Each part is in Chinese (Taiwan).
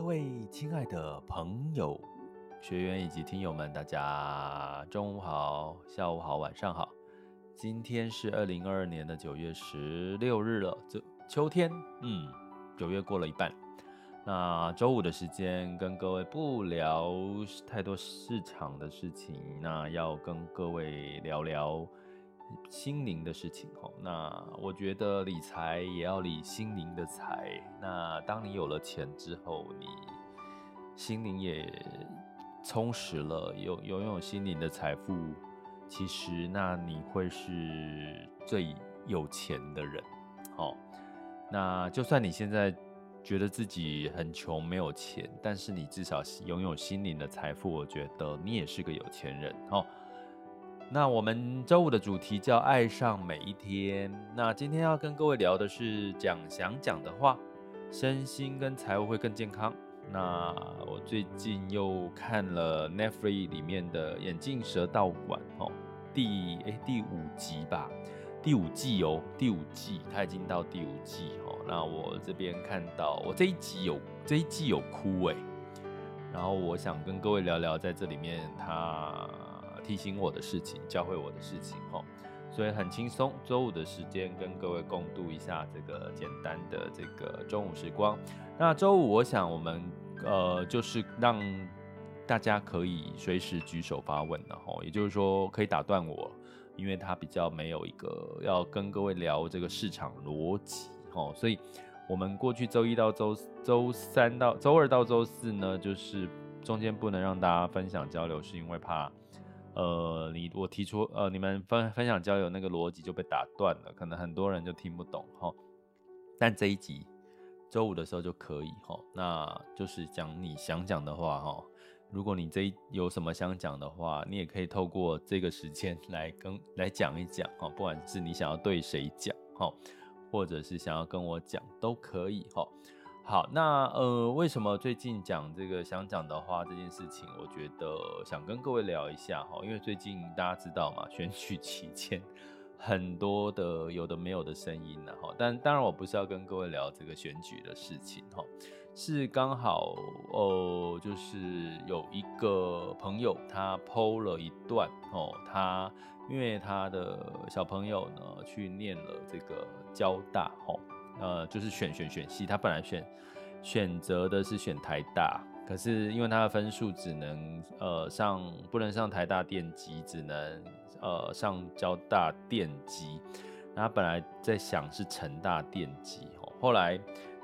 各位親愛的朋友、學員以及聽友們，大家中午好、下午好、晚上好。今天是二零二二年的九月十六日了，這秋天，嗯，九月過了一半。那周五的時間，跟各位不聊太多市場的事情，那要跟各位聊聊。心靈的事情哦，那我覺得理財也要理心靈的財。那當你有了錢之後，你心靈也充實了，有擁有心靈的財富，其實那你會是最有錢的人。哦，那就算你現在覺得自己很窮沒有錢，但是你至少擁有心靈的財富，我覺得你也是個有錢人。哦。那我們週五的主題叫愛上每一天。那今天要跟各位聊的是講想講的話，身心跟財務會更健康。那我最近又看了 Netflix 裡面的眼鏡蛇道館哦、喔，第哎、欸、第五集吧，第五季哦、喔，第五季，它已經到第五季哦、喔。那我這邊看到我這一集有這一季有哭、欸，然後我想跟各位聊聊在這裡面他。它提醒我的事情，教會我的事情，吼，所以很輕鬆。週五的時間跟各位共度一下這個簡單的這個中午時光。那週五我想我們呃，就是讓大家可以隨時舉手發問的。吼，也就是說可以打斷我，因為他比較沒有一個要跟各位聊這個市場邏輯，吼，所以我們過去週一到周週三到週二到週四呢，就是中間不能讓大家分享交流，是因為怕。呃，你我提出呃，你們分分享交友那個邏輯就被打斷了，可能很多人就聽不懂齁。但這一集周五的時候就可以齁，那就是講你想講的話齁。如果你這一有什麼想講的話，你也可以透過這個時間來跟來講一講齁。不管是你想要對誰講齁，或者是想要跟我講都可以齁。齁好，那呃，為什麼最近講這個想講的話這件事情，我覺得想跟各位聊一下哈，因為最近大家知道嘛，選舉期間很多的有的沒有的聲音呢、啊、哈，但當然我不是要跟各位聊這個選舉的事情哈，是剛好呃，就是有一個朋友他 po 了一段哦，他因為他的小朋友呢去念了這個交大哈。呃，就是選選選系，他本來選選擇的是選台大，可是因為他的分數只能呃上不能上台大電機，只能呃上交大電機，那他本來在想是成大電機，後來。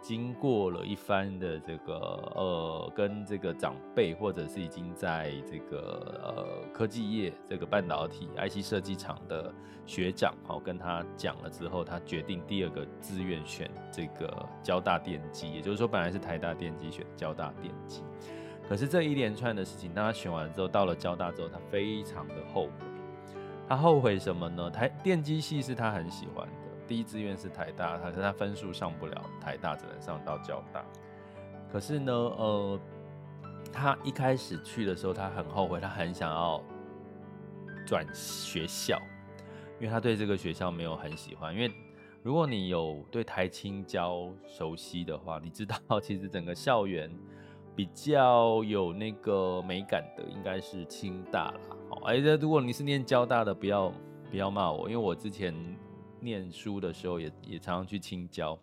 經過了一番的這個呃，跟這個長輩或者是已經在這個呃科技業這個半導體 IC 設計廠的學長，好、哦、跟他講了之後，他決定第二個志願選這個交大電機，也就是說本來是台大電機選交大電機，可是這一連串的事情，當他選完之後，到了交大之後，他非常的後悔，他後悔什麼呢？台電機系是他很喜歡。第一志願是台大，可是他分數上不了台大，只能上到交大。可是呢，呃，他一開始去的時候，他很後悔，他很想要轉學校，因為他對這個學校沒有很喜歡。因為如果你有對台清交熟悉的話，你知道其實整個校園比較有那個美感的，應該是清大啦。哎、欸，這如果你是念交大的，不要不要罵我，因為我之前。念書的時候也也常常去清交，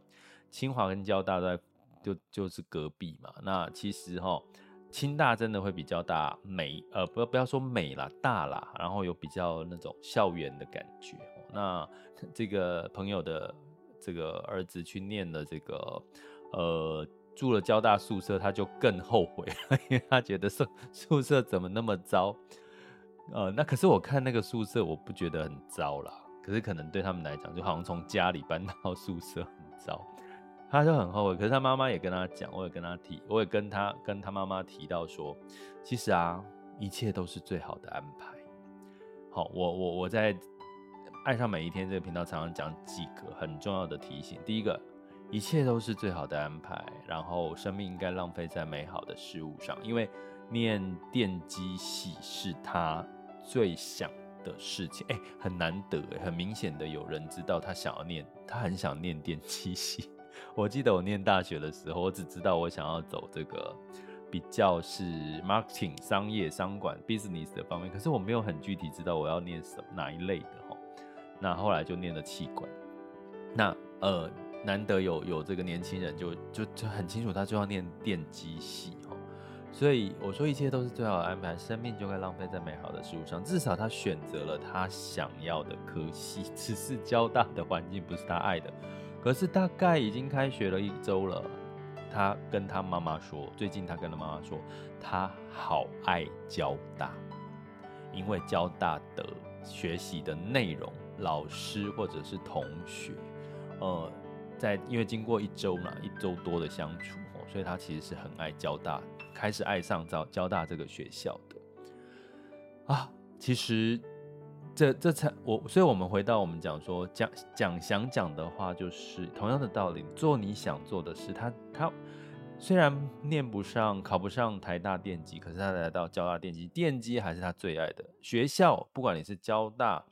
清華跟交大在就就是隔壁嘛。那其實哈，清大真的會比較大美，呃，不不要說美啦，大啦，然後有比較那種校園的感覺。那這個朋友的這個兒子去念了這個，呃，住了交大宿舍，他就更後悔，因為他覺得宿宿舍怎麼那麼糟。呃，那可是我看那個宿舍，我不覺得很糟啦。可是可能對他們來講，就好像從家裡搬到宿舍很糟，他就很後悔。可是他媽媽也跟他講，我也跟他提，我也跟他跟他媽媽提到說，其實啊，一切都是最好的安排。好，我我我在愛上每一天這個頻道常常講幾個很重要的提醒。第一個，一切都是最好的安排。然後，生命應該浪費在美好的事物上，因為念電機系是他最想。的事情哎、欸，很難得，很明顯的有人知道他想要念，他很想念電機系。 我記得我念大學的時候，我只知道我想要走這個比較是 marketing 商業商管 business 的方面，可是我沒有很具體知道我要念什麼哪一類的、喔、那後來就念了企管。那呃，難得有有這個年輕人就就就很清楚，他就要念電機系哦、喔。所以我說一切都是最好的安排，生命就該浪費在美好的事物上。至少他選擇了他想要的科系，只是交大的環境不是他愛的。可是大概已經開學了一周了，他跟他媽媽說，最近他跟他媽媽說，他好愛交大，因為交大的學習的內容、老師或者是同學，呃、嗯，在因為經過一周嘛，一周多的相處，所以他其實是很愛交大的。開始愛上找交大這個學校的啊，其實這這才我，所以我們回到我們講說講講想講的話，就是同樣的道理，做你想做的事。他他雖然念不上考不上台大電機，可是他來到交大電機，電機還是他最愛的學校。不管你是交大、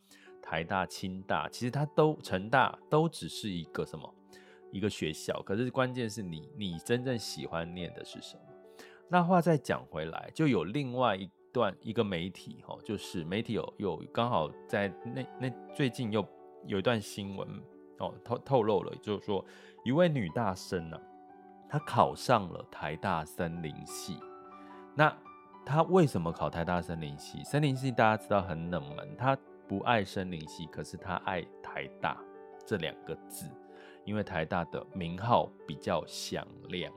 台大、清大，其實他都成大都只是一個什麼一個學校。可是關鍵是你你真正喜歡念的是什麼？那話再講回來，就有另外一段一個媒體、喔，吼，就是媒體有有剛好在那那最近又有一段新聞、喔，哦，透透露了，就是說一位女大生呢、啊，她考上了台大森林系。那她為什麼考台大森林系？森林系大家知道很冷門，她不愛森林系，可是她愛台大這兩個字，因為台大的名號比較響亮。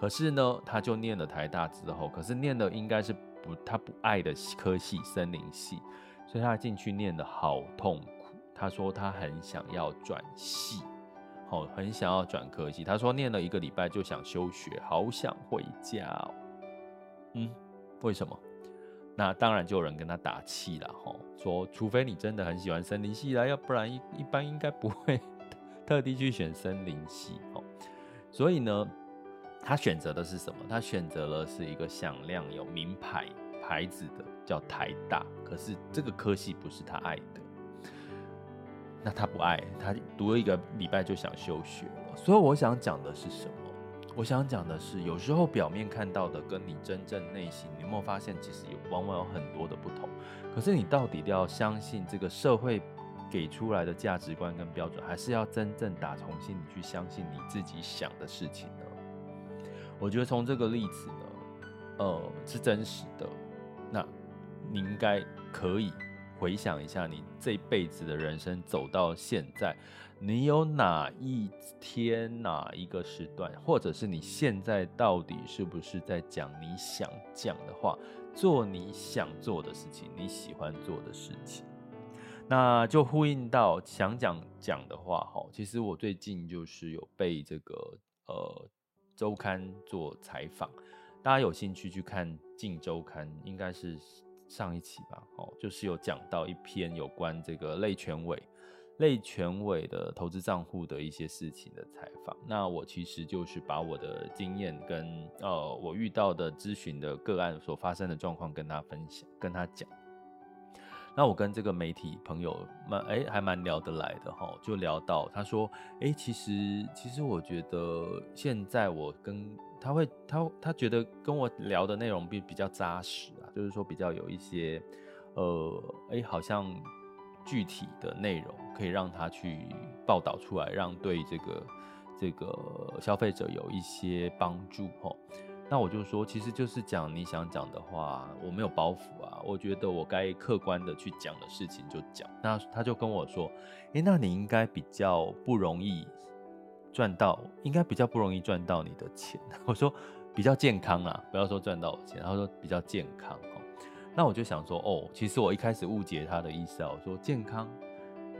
可是呢，他就念了台大之後，可是念的應該是不他不愛的科系森林系，所以他進去念的好痛苦。他說他很想要轉系，吼、喔，很想要轉科系。他說念了一個禮拜就想休學，好想回家、喔。嗯，為什麼？那當然就有人跟他打氣了，吼、喔，說除非你真的很喜歡森林系啦，要不然一，一般應該不會 特地去選森林系，哦、喔，所以呢。他選擇的是什麼？他選擇了是一個響亮有名牌牌子的，叫台大。可是這個科系不是他愛的，那他不愛，他讀了一個禮拜就想休學了。所以我想講的是什麼？我想講的是，有時候表面看到的跟你真正內心，你有沒有發現，其實有往往有很多的不同。可是你到底要相信這個社會給出來的價值觀跟標準，還是要真正打從心裡去相信你自己想的事情？我覺得從這個例子呢，呃，是真實的。那你應該可以回想一下，你這輩子的人生走到現在，你有哪一天、哪一個時段，或者是你現在到底是不是在講你想講的話，做你想做的事情，你喜歡做的事情？那就呼應到想講講的話哈。其實我最近就是有被這個呃。週刊做採訪，大家有興趣去看《鏡週刊》，應該是上一期吧，哦，就是有講到一篇有關這個類全委、類全委的投資賬戶的一些事情的採訪。那我其實就是把我的經驗跟呃我遇到的諮詢的個案所發生的狀況跟他分享，跟他講。那我跟這個媒體朋友蠻哎、欸、還蠻聊得來的哈、喔，就聊到他說哎、欸，其實其實我覺得現在我跟他會他他覺得跟我聊的內容比比較紮實啊，就是說比較有一些，呃哎、欸、好像具體的內容可以讓他去報道出來，讓對這個這個消費者有一些幫助哦、喔。那我就說，其實就是講你想講的話、啊，我沒有包袱啊。我覺得我該客觀的去講的事情就講。那他就跟我說，誒、欸，那你應該比較不容易賺到，應該比較不容易賺到你的錢。我說比較健康啊，不要說賺到我錢。他說比較健康哦、喔。那我就想說，哦、喔，其實我一開始誤解他的意思啊。我說健康，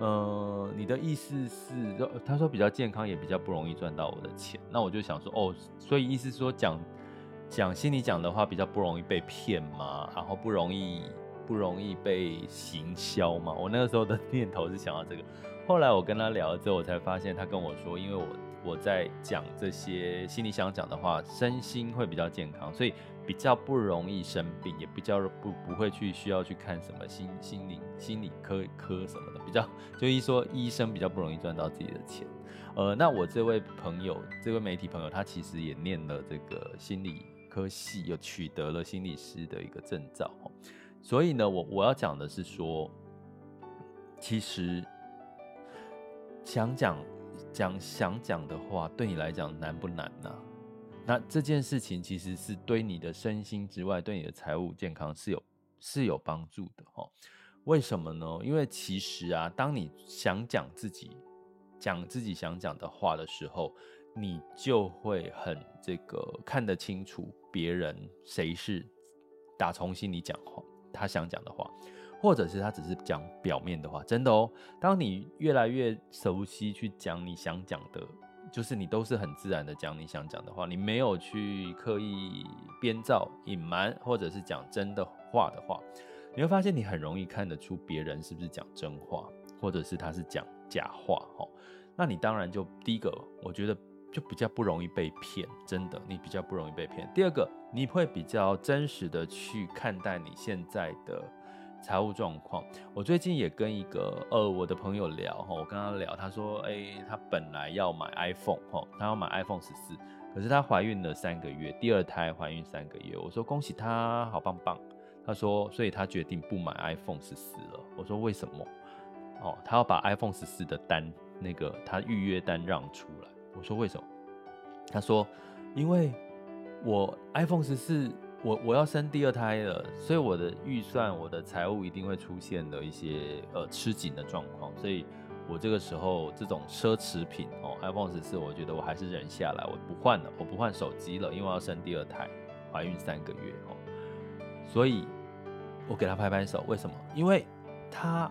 呃，你的意思是，他說比較健康也比較不容易賺到我的錢。那我就想說，哦、喔，所以意思是說講。講心裡講的話比較不容易被騙嘛，然後不容易不容易被行銷嘛。我那個時候的念頭是想到這個，後來我跟他聊了之後，我才發現他跟我說，因為我我在講這些心裡想講的話，身心會比較健康，所以比較不容易生病，也比較不不會去需要去看什麼心心理心理科科什麼的，比較就是說醫生比較不容易賺到自己的錢。呃，那我這位朋友，這位媒體朋友，他其實也念了這個心理科系，又取得了心理師的一個證照，所以呢，我我要講的是說，其實想講講想講的話，對你來講難不難呢？啊？那這件事情其實是對你的身心之外，對你的財務健康是有是有幫助的哦，為什麼呢？因為其實啊，當你想講自己。講自己想講的話的時候，你就會很這個看得清楚別人誰是打從心裡講話，他想講的話，或者是他只是講表面的話。真的哦、喔，當你越來越熟悉去講你想講的，就是你都是很自然的講你想講的話，你沒有去刻意編造、隱瞞或者是講真的話的話，你會發現你很容易看得出別人是不是講真話，或者是他是講。假話哦，那你當然就第一個，我覺得就比較不容易被騙。真的，你比較不容易被騙。第二個，你會比較真實的去看待你現在的財務狀況。我最近也跟一個呃我的朋友聊，我跟他聊，他說，誒、欸，他本來要買 iPhone，他要買 iPhone 十四，可是他懷孕了三個月，第二胎懷孕三個月。我說恭喜他，好棒棒。他說，所以他決定不買 iPhone 十四了。我說為什麼？哦，他要把 iPhone 十四的單，那個他預約單讓出來。我說為什麼？他說，因為我 iPhone 十四，我我要生第二胎了，所以我的預算、我的財務一定會出現的一些呃吃緊的狀況，所以，我這個時候這種奢侈品哦，iPhone 十四，我覺得我還是忍下來，我不換了，我不換手機了，因為我要生第二胎，懷孕三個月哦，所以我給他拍拍手，為什麼？因為他。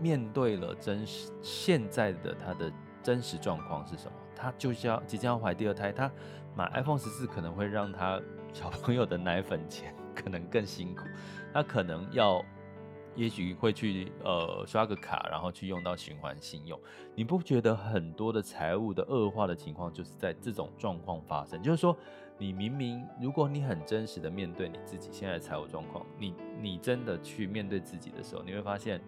面對了真實現在的他的真實狀況是什麼？他就是要即將要懷第二胎，他買 iPhone 十四可能會讓他小朋友的奶粉錢可能更辛苦，他可能要也許會去呃刷個卡，然後去用到循環信用。你不覺得很多的財務的惡化的情況就是在這種狀況發生？就是說，你明明如果你很真實的面對你自己現在的財務狀況，你你真的去面對自己的時候，你會發現。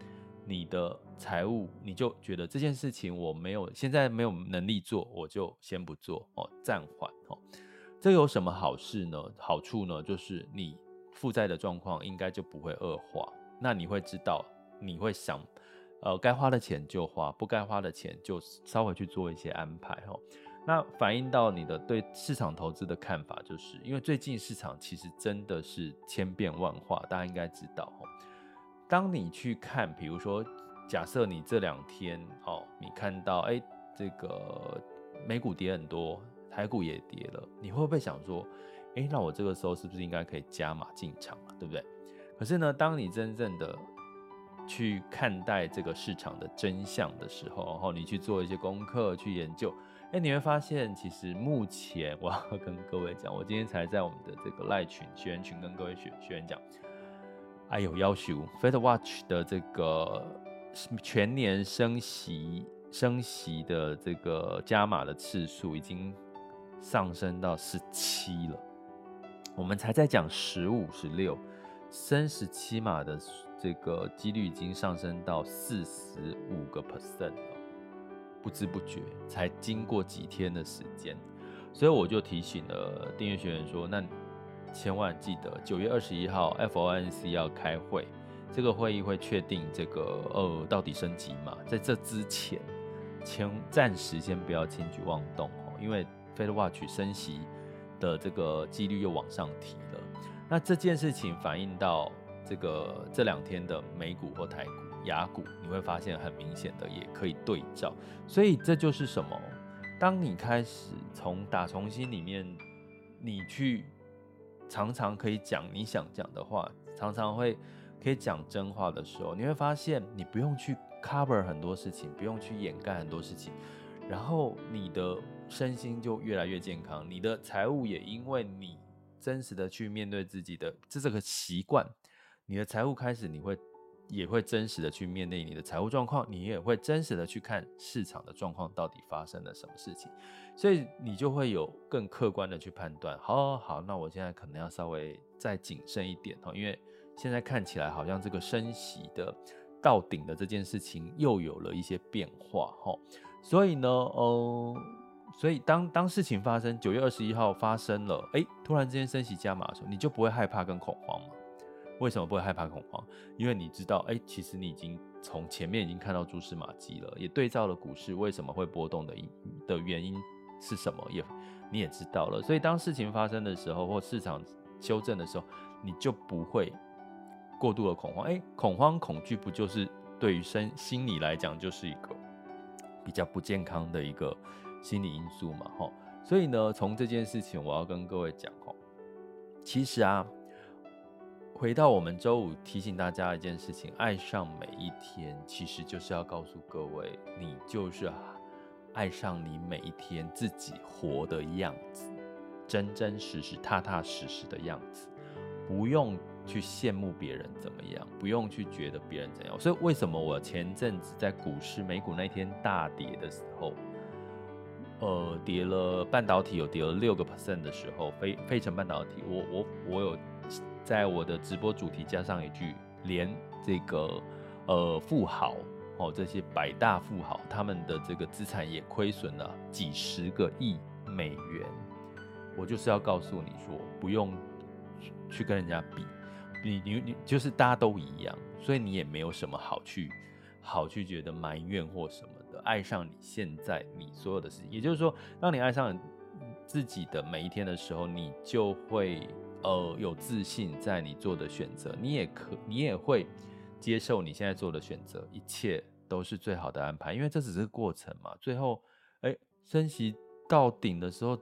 你的財務，你就覺得這件事情我沒有現在沒有能力做，我就先不做哦，暫緩哦。這有什麼好事呢？好處呢，就是你負債的狀況應該就不會惡化。那你會知道，你會想，呃，該花的錢就花，不該花的錢就稍微去做一些安排哦。那反映到你的對市場投資的看法，就是因為最近市場其實真的是千變萬化，大家應該知道哦。當你去看，比如說，假設你這兩天哦，你看到哎、欸，這個美股跌很多，台股也跌了，你會不會想說，哎、欸，那我這個時候是不是應該可以加碼進場了、啊，對不對？可是呢，當你真正的去看待這個市場的真相的時候，然後你去做一些功課去研究，哎、欸，你會發現，其實目前我要跟各位講，我今天才在我們的這個賴群學員群跟各位學學員講。還有要求 Fed Watch 的這個全年升息升息的這個加碼的次數已經上升到十七了，我們才在講十五、十六，升十七碼的這個幾率已經上升到四十五個 percent 了，不知不覺才經過幾天的時間，所以我就提醒了訂閱學員說，那。千萬記得九月二十一號，FOMC 要開會，這個會議會確定這個呃到底升級嘛？在這之前，請暫時先不要輕舉妄動哦，因為 FedWatch 升息的這個幾率又往上提了。那這件事情反映到這個這兩天的美股或台股、亞股，你會發現很明顯的，也可以對照。所以這就是什麼？當你開始從打從心裡面你去。常常可以講你想講的話，常常會可以講真話的時候，你會發現你不用去 cover 很多事情，不用去掩蓋很多事情，然後你的身心就越來越健康，你的財務也因為你真實的去面對自己的，這是個習慣，你的財務開始你會。也會真實的去面對你的財務狀況，你也會真實的去看市場的狀況到底發生了什麼事情，所以你就會有更客觀的去判斷。好，好，那我現在可能要稍微再謹慎一點哦，因為現在看起來好像這個升息的到頂的這件事情又有了一些變化哈。所以呢，呃、嗯，所以當當事情發生，九月二十一號發生了，哎、欸，突然之間升息加碼的時候，你就不會害怕跟恐慌嗎？為什麼不會害怕恐慌？因為你知道，哎、欸，其實你已經從前面已經看到蛛絲馬跡了，也對照了股市為什麼會波動的因的原因是什麼，也你也知道了。所以當事情發生的時候，或市場修正的時候，你就不會過度的恐慌。哎、欸，恐慌、恐懼不就是對於身心理來講，就是一個比較不健康的一個心理因素嘛？吼，所以呢，從這件事情，我要跟各位講吼，其實啊。回到我們周五提醒大家一件事情：愛上每一天，其實就是要告訴各位，你就是、啊、愛上你每一天自己活的樣子，真真實實、踏踏實實的樣子，不用去羨慕別人怎麼樣，不用去覺得別人怎樣。所以，為什麼我前陣子在股市、美股那天大跌的時候，呃，跌了半導體有跌了六個 percent 的時候，費、費城半導體，我我我有。在我的直播主題加上一句，連這個呃富豪哦，這些百大富豪他們的這個資產也虧損了幾十個億美元。我就是要告訴你說，不用去跟人家比，比你你就是大家都一樣，所以你也沒有什麼好去好去覺得埋怨或什麼的。愛上你現在你所有的事情，也就是說，當你愛上自己的每一天的時候，你就會。呃，有自信在你做的選擇，你也可，你也會接受你現在做的選擇，一切都是最好的安排，因為這只是過程嘛。最後，哎、欸，升息到頂的時候，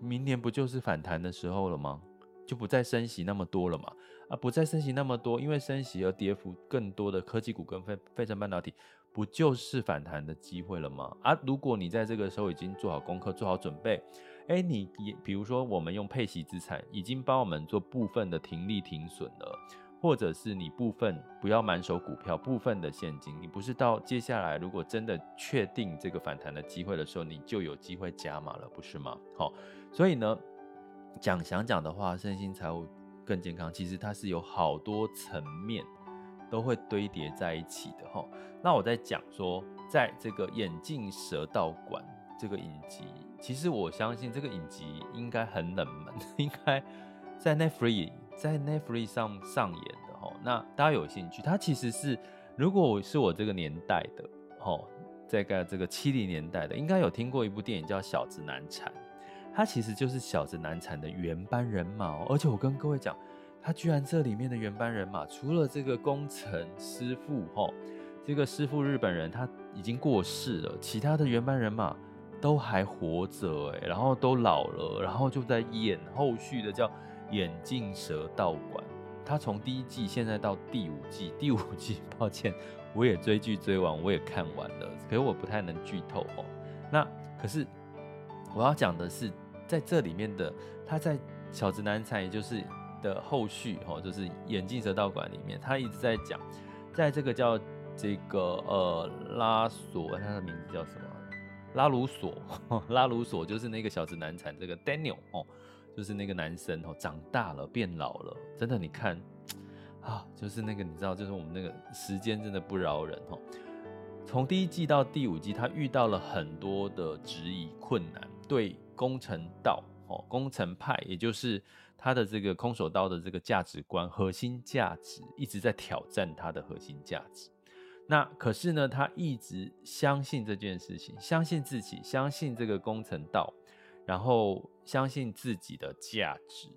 明年不就是反彈的時候了嗎？就不再升息那麼多了嘛。啊，不再升息那麼多，因為升息而跌幅更多的科技股跟費費城半導體，不就是反彈的機會了嗎？啊，如果你在這個時候已經做好功課，做好準備。哎，你也比如說，我們用配息資產已經幫我們做部分的停利停損了，或者是你部分不要滿手股票，部分的現金，你不是到接下來如果真的確定這個反彈的機會的時候，你就有機會加碼了，不是嗎？好、哦，所以呢，講想講的話，身心財務更健康，其實它是有好多層面都會堆疊在一起的哈、哦。那我在講說，在這個眼鏡蛇道館這個影集。其實我相信這個影集應該很冷門，應該在 Netflix 在 Netflix 上上演的吼、哦。那大家有興趣？它其實是如果我是我這個年代的吼、哦，在個這個七零年代的，應該有聽過一部電影叫《小子難纏》，它其實就是《小子難纏》的原班人馬、哦。而且我跟各位講，他居然這裡面的原班人馬，除了這個工程師傅吼、哦，這個師傅日本人他已經過世了，其他的原班人馬。都還活着欸，然後都老了，然後就在演後續的叫眼鏡蛇道館。他從第一季現在到第五季，第五季抱歉，我也追劇追完，我也看完了，可是我不太能劇透喔。那可是我要講的是，在這裡面的他在小子難纏就是的後續喔，就是眼鏡蛇道館裡面，他一直在講，在這個叫這個呃拉索，他的名字叫什麼？拉魯索，拉魯索就是那個小子難纏。這個 Daniel 哦，就是那個男生哦，長大了變老了，真的，你看啊，就是那個你知道，就是我們那個時間真的不饒人哦。從第一季到第五季，他遇到了很多的質疑困難，對宮城道哦，宮城派，也就是他的這個空手道的這個價值觀核心價值，一直在挑戰他的核心價值。那可是呢，他一直相信這件事情，相信自己，相信這個宮城道，然後相信自己的價值，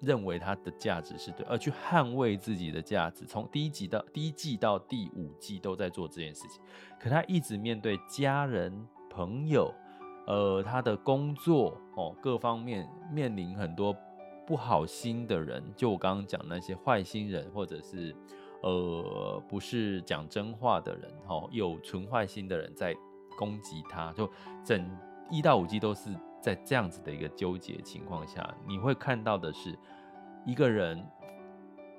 認為他的價值是對，而去捍衛自己的價值。從第一集到第一季到第五季都在做這件事情。可他一直面對家人、朋友，呃，他的工作哦，各方面面臨很多不好心的人，就我剛剛講那些壞心人，或者是。呃，不是講真話的人，吼，有存壞心的人在攻擊他，就整一到五季都是在這樣子的一個糾結情況下，你會看到的是一個人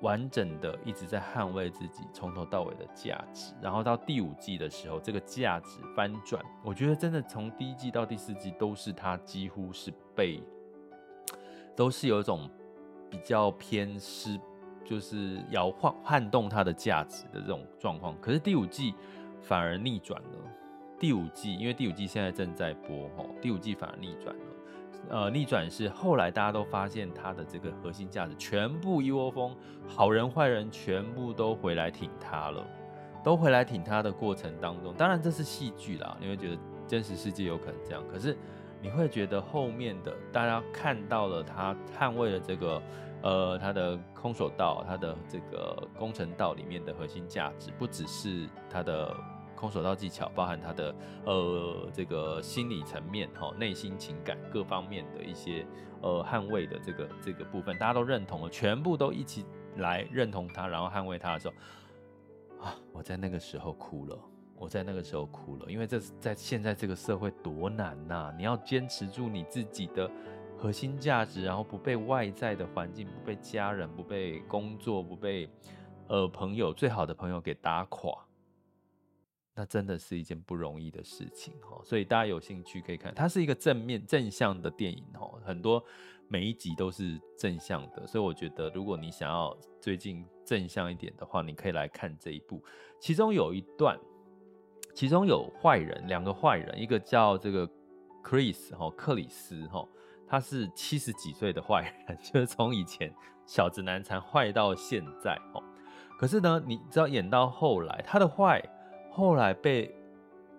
完整的一直在捍衛自己從頭到尾的價值，然後到第五季的時候，這個價值翻轉，我覺得真的從第一季到第四季都是他幾乎是被，都是有一種比較偏失。就是要撼撼動它的價值的這種狀況，可是第五季反而逆轉了。第五季，因為第五季現在正在播吼，第五季反而逆轉了。呃，逆轉是後來大家都發現它的這個核心價值全部一窩蜂，好人壞人全部都回來挺它了，都回來挺它的過程當中，當然這是戲劇啦，你會覺得真實世界有可能這樣，可是你會覺得後面的大家看到了他捍衛了這個。呃，他的空手道，他的這個宮城道裡面的核心價值，不只是他的空手道技巧，包含他的呃這個心理層面、哈內心情感各方面的一些呃捍衛的這個這個部分，大家都認同了，全部都一起來認同他，然後捍衛他的時候，啊，我在那個時候哭了，我在那個時候哭了，因為這在現在這個社會多難吶、啊，你要堅持住你自己的。核心價值，然後不被外在的環境、不被家人、不被工作、不被呃朋友，最好的朋友給打垮，那真的是一件不容易的事情哦。所以大家有興趣可以看，它是一個正面正向的電影哦。很多每一集都是正向的，所以我覺得如果你想要最近正向一點的話，你可以來看這一部。其中有一段，其中有壞人，兩個壞人，一個叫這個 Chris 哈，克里斯哈。他是七十幾歲的壞人，就是從以前小子難纏壞到現在哦。可是呢，你知道演到後來，他的壞後來被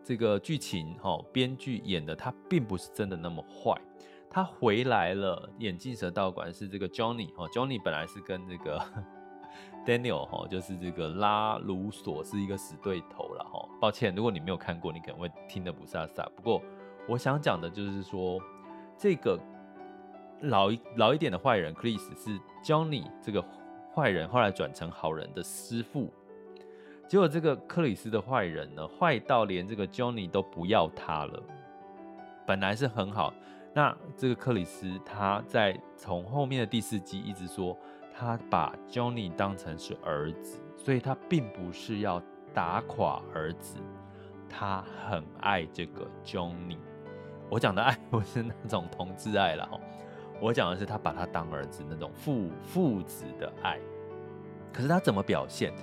這個劇情哦，編劇演的他並不是真的那麼壞。他回來了，眼鏡蛇道館是這個 Johnny、哦、Johnny 本來是跟這個 Daniel、哦、就是這個拉魯索是一個死對頭了、哦、抱歉，如果你沒有看過，你可能會聽得霧煞煞。不過我想講的就是說這個。老一老一點的壞人，克里斯是 Johnny 這個壞人後來轉成好人的師父。結果這個克里斯的壞人呢，壞到連這個 Johnny 都不要他了。本來是很好，那這個克里斯他在從後面的第四季一直說，他把 Johnny 當成是兒子，所以他並不是要打垮兒子，他很愛這個 Johnny。我講的愛不是那種同志愛了哈。我講的是他把他當兒子那種父父子的愛，可是他怎麼表現？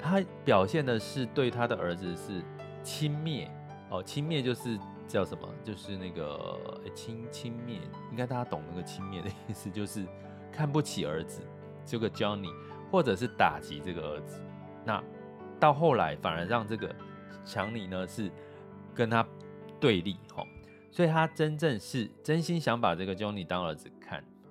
他表現的是對他的兒子是輕蔑哦，輕蔑就是叫什麼？就是那個，欸，輕輕蔑，應該大家懂那個輕蔑的意思，就是看不起兒子這個 Johnny，或者是打擊這個兒子。那到後來反而讓這個強尼呢是跟他對立齁，所以他真正是真心想把這個 Johnny 當兒子。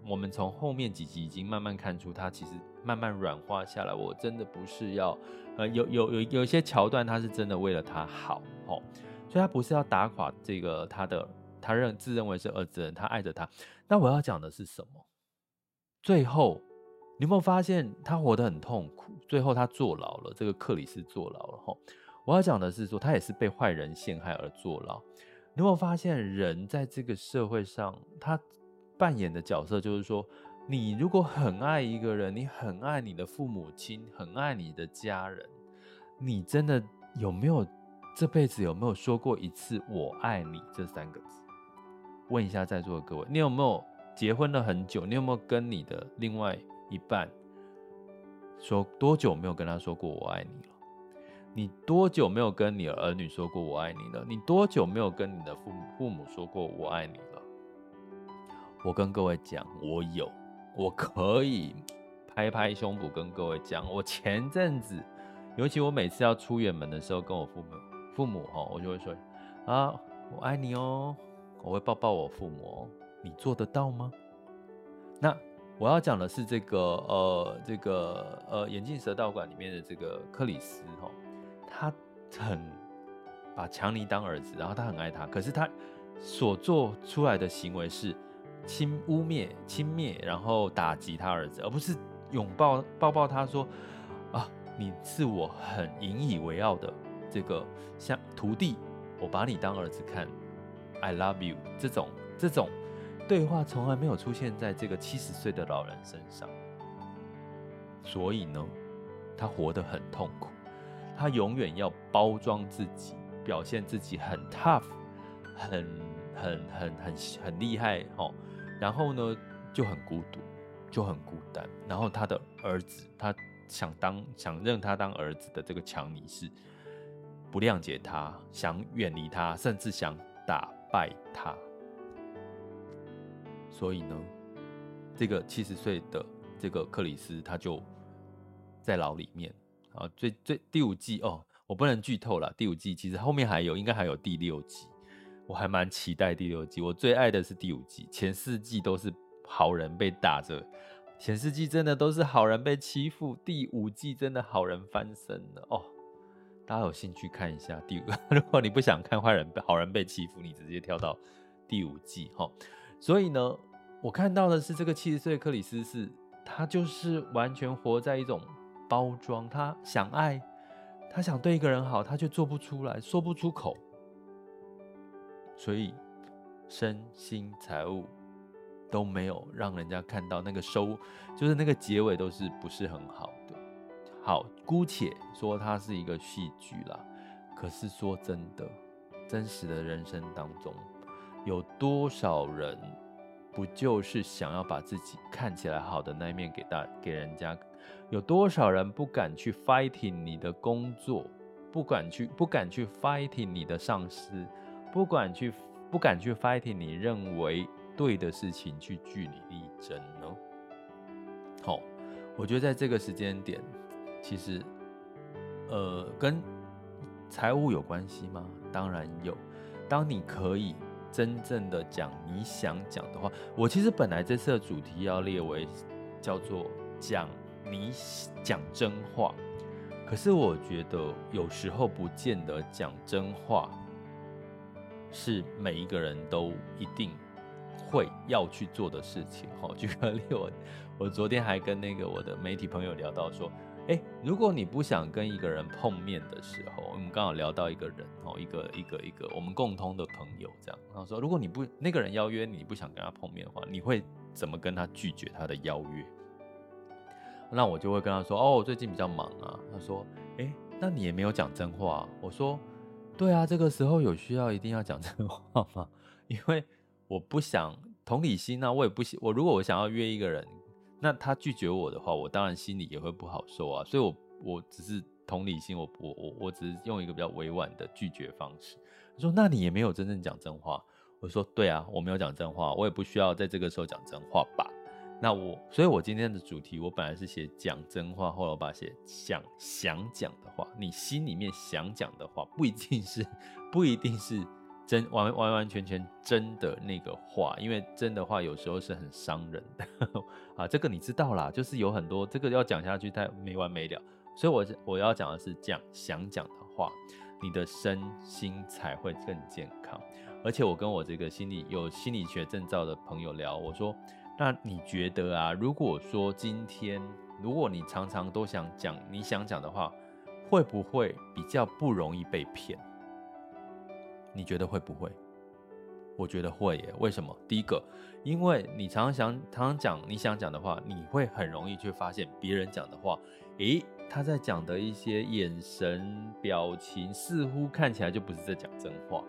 我們從後面幾集已經慢慢看出，他其實慢慢軟化下來。我真的不是要，呃，有有有有一些橋段，他是真的為了他好，吼。所以他不是要打垮這個他的，他認自認為是兒子，他愛着他。那我要講的是什麼？最後，你有沒有發現他活得很痛苦？最後他坐牢了，這個克里斯坐牢了，吼。我要講的是說，他也是被壞人陷害而坐牢。你有沒有發現，人在這個社會上，他？扮演的角色就是說，你如果很愛一個人，你很愛你的父母親，很愛你的家人，你真的有沒有這輩子有沒有說過一次“我愛你”這三個字？問一下在座的各位，你有沒有結婚了很久？你有沒有跟你的另外一半說多久沒有跟他說過“我愛你”了？你多久沒有跟你兒女說過“我愛你”了？你多久沒有跟你的父母父母說過“我愛你”？我跟各位講，我有，我可以拍拍胸脯跟各位講，我前陣子，尤其我每次要出遠門的時候，跟我父母父母吼、喔，我就會說啊，我愛你哦、喔，我會抱抱我父母、喔。你做得到嗎？那我要講的是這個呃，這個呃眼鏡蛇道館裡面的這個克里斯吼、喔，他很把強尼當兒子，然後他很愛他，可是他所做出來的行為是。輕污衊、輕蔑，然後打擊他兒子，而不是擁抱、抱抱他，說：“啊，你是我很引以為傲的這個像徒弟，我把你當兒子看，I love you。”這種這種對話從來沒有出現在這個七十歲的老人身上，所以呢，他活得很痛苦，他永遠要包裝自己，表現自己很 tough，很很很很很厲害哦。然後呢，就很孤獨，就很孤單。然後他的兒子，他想當想認他當兒子的這個強尼是不諒解他，想遠離他，甚至想打敗他。所以呢，這個七十歲的這個克里斯，他就在牢裡面啊。最最第五季哦，我不能劇透啦。第五季其實後面還有，應該還有第六季。我還蠻期待第六季，我最愛的是第五季，前四季都是好人被打着，前四季真的都是好人被欺負，第五季真的好人翻身了哦，大家有興趣看一下第五季，如果你不想看壞人被好人被欺負，你直接跳到第五季哈、哦。所以呢，我看到的是這個七十歲的克里斯是，他就是完全活在一種包裝，他想愛，他想對一個人好，他卻做不出來，說不出口。所以，身心財務都沒有讓人家看到那個收，就是那個結尾都是不是很好的。好，姑且說它是一個戲劇啦。可是說真的，真實的人生當中，有多少人不就是想要把自己看起來好的那一面給大給人家？有多少人不敢去 fighting 你的工作，不敢去不敢去 fighting 你的上司？不敢去，不敢去 fighting 你認為對的事情，去據理力爭呢？好，oh，我覺得在這個時間點，其實，呃，跟財務有關係嗎？當然有。當你可以真正的講你想講的話，我其實本來這次的主題要列為叫做講你講真話，可是我覺得有時候不見得講真話。是每一個人都一定會要去做的事情、喔。哦，舉個例，我我昨天還跟那個我的媒體朋友聊到說，誒、欸，如果你不想跟一個人碰面的時候，我們剛好聊到一個人，哦，一個一個一個我們共同的朋友這樣。他說，如果你不那個人邀約你，不想跟他碰面的話，你會怎麼跟他拒絕他的邀約？那我就會跟他說，哦，最近比較忙啊。他說，誒、欸，那你也沒有講真話、啊。我說。對啊，這個時候有需要一定要講真話嗎？因為我不想同理心、啊，那我也不希。我如果我想要約一個人，那他拒絕我的話，我當然心裡也會不好受啊。所以我，我我只是同理心，我不我我我只是用一個比較委婉的拒絕方式。他說：“那你也沒有真正講真話。”我說：“對啊，我沒有講真話，我也不需要在這個時候講真話吧。”那我，所以我今天的主題，我本來是寫講真話，後來我把寫想想講的話，你心裡面想講的話，不一定是不一定是真完完完全全真的那個話，因為真的話有時候是很傷人的 啊，這個你知道啦，就是有很多這個要講下去，太沒完沒了。所以我，我我要講的是講想講的話，你的身心才會更健康。而且，我跟我這個心理有心理學證照的朋友聊，我說。那你覺得啊？如果說今天，如果你常常都想講你想講的話，會不會比較不容易被騙？你覺得會不會？我覺得會耶。為什麼？第一個，因為你常常想常常講你想講的話，你會很容易去發現別人講的話，誒、欸，他在講的一些眼神表情，似乎看起來就不是在講真話。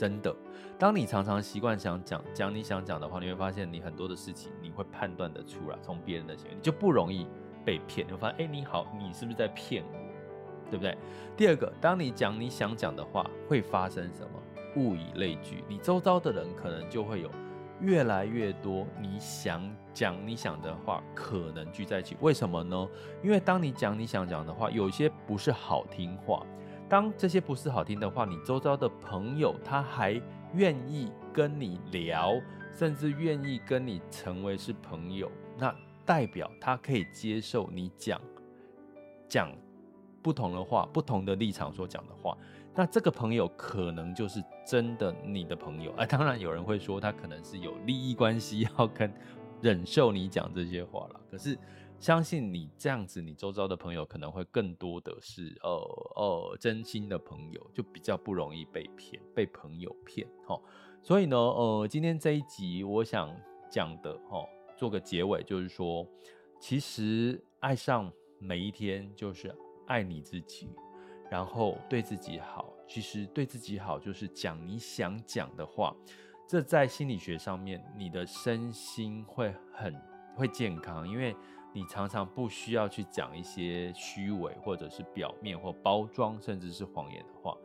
真的，當你常常習慣想講講你想講的話，你會發現你很多的事情你會判斷得出來。從別人的行為，你就不容易被騙。你會發現，哎，你好，你是不是在騙我？對不對？第二個，當你講你想講的話，會發生什麼？物以類聚，你周遭的人可能就會有越來越多你想講你想的話可能聚在一起。為什麼呢？因為當你講你想講的話，有些不是好聽話。當這些不是好聽的話，你周遭的朋友他還願意跟你聊，甚至願意跟你成為是朋友，那代表他可以接受你講講不同的話、不同的立場所講的話。那這個朋友可能就是真的你的朋友。啊，當然有人會說他可能是有利益關係，要跟忍受你講這些話了，可是。相信你這樣子，你周遭的朋友可能會更多的是，呃呃，真心的朋友，就比較不容易被騙，被朋友騙，齁。所以呢，呃，今天這一集我想講的，齁，做個結尾，就是說，其實愛上每一天就是愛你自己，然後對自己好。其實對自己好就是講你想講的話，這在心理學上面，你的身心會很會健康，因為。你常常不需要去講一些虛偽或者是表面或包裝，甚至是謊言的話，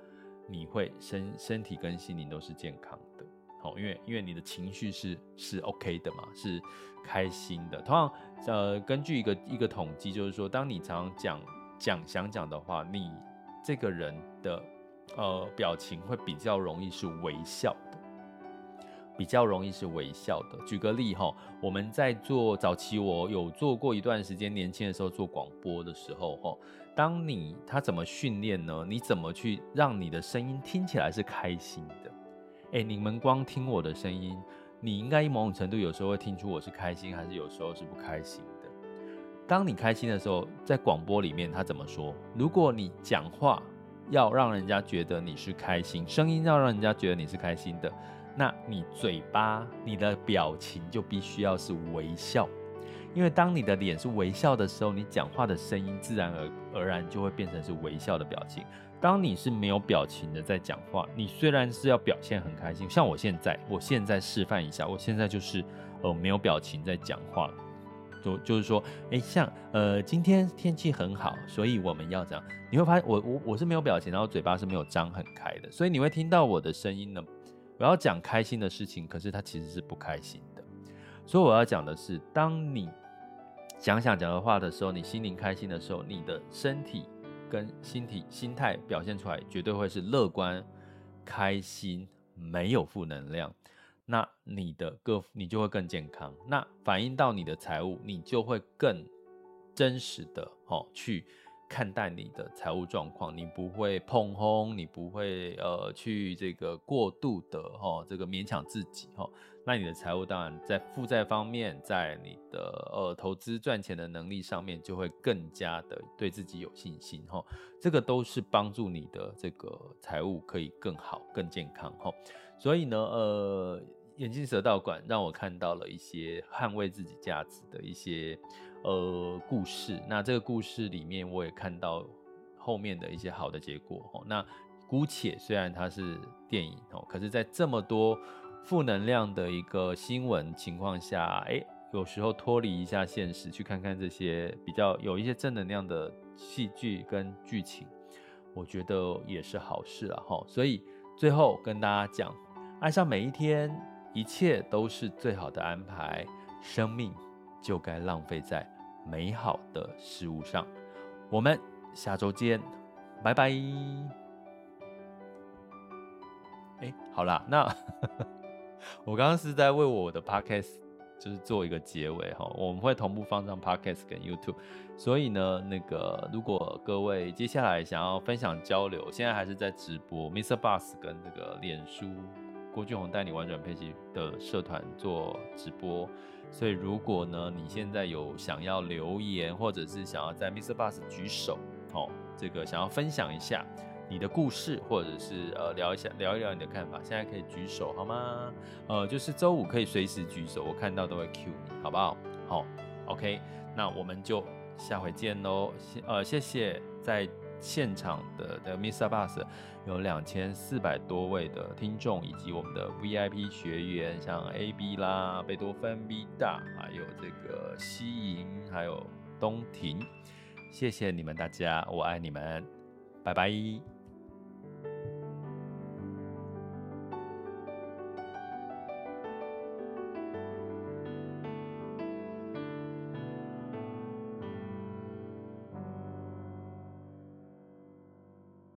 你會身身體跟心靈都是健康的，好，因為因為你的情緒是是 OK 的嘛，是開心的。同樣，呃，根據一個一個統計，就是說，當你常常講講想講的話，你這個人的呃表情會比較容易是微笑的。比較容易是微笑的。舉個例哈，我們在做早期，我有做過一段時間，年輕的時候做廣播的時候哈，當你他怎麼訓練呢？你怎麼去讓你的聲音聽起來是開心的？誒、欸，你們光聽我的聲音，你應該一某種程度有時候會聽出我是開心還是有時候是不開心的。當你開心的時候，在廣播裡面他怎麼說？如果你講話。要讓人家覺得你是開心，聲音要讓人家覺得你是開心的，那你嘴巴、你的表情就必須要是微笑，因為當你的臉是微笑的時候，你講話的聲音自然而而然就會變成是微笑的表情。當你是沒有表情的在講話，你雖然是要表現很開心，像我現在，我現在示範一下，我現在就是呃，沒有表情在講話了。就就是說，哎、欸，像呃，今天天氣很好，所以我們要這樣。你會發現我，我我我是沒有表情，然後嘴巴是沒有張很開的，所以你會聽到我的聲音呢。我要講開心的事情，可是它其實是不開心的。所以我要講的是，當你講想講的話的時候，你心靈開心的時候，你的身體跟心體心態表現出來，絕對會是樂觀、開心，沒有負能量。那你的各，你就會更健康，那反映到你的財務，你就會更真實的哈、哦、去看待你的財務狀況，你不會膨風，你不會呃去這個過度的哈、哦、這個勉強自己哈。哦那你的財務當然在負債方面，在你的呃投資賺錢的能力上面，就會更加的對自己有信心哈。這個都是幫助你的這個財務可以更好、更健康哈。所以呢，呃，眼鏡蛇道館讓我看到了一些捍衛自己價值的一些呃故事。那這個故事裡面，我也看到後面的一些好的結果。那姑且雖然它是電影哦，可是，在這麼多。負能量的一個新聞情況下，誒，有時候脫離一下現實，去看看這些比較有一些正能量的戲劇跟劇情，我覺得也是好事了哈。所以最後跟大家講，愛上每一天，一切都是最好的安排。生命就該浪費在美好的事物上。我們下週見，拜拜。誒，好啦，那。我剛剛是在為我的 podcast 就是做一個結尾哈，我們會同步放上 podcast 跟 YouTube，所以呢，那個如果各位接下來想要分享交流，現在還是在直播 Mr. Bus 跟那個臉書郭俊宏帶你玩轉佩奇的社團做直播，所以如果呢，你現在有想要留言或者是想要在 Mr. Bus 舉手哦，這個想要分享一下。你的故事，或者是呃聊一下聊一聊你的看法，現在可以舉手好嗎？呃，就是周五可以隨時舉手，我看到都會 Q 你，好不好？好，哦，OK，那我們就下回見嘍。呃，謝謝在現場的的 Mr. Bass 有兩千四百多位的聽眾以及我們的 VIP 學員，像 AB 啦、貝多芬、B 大，還有這個西瑩，還有東庭，謝謝你們大家，我愛你們，拜拜。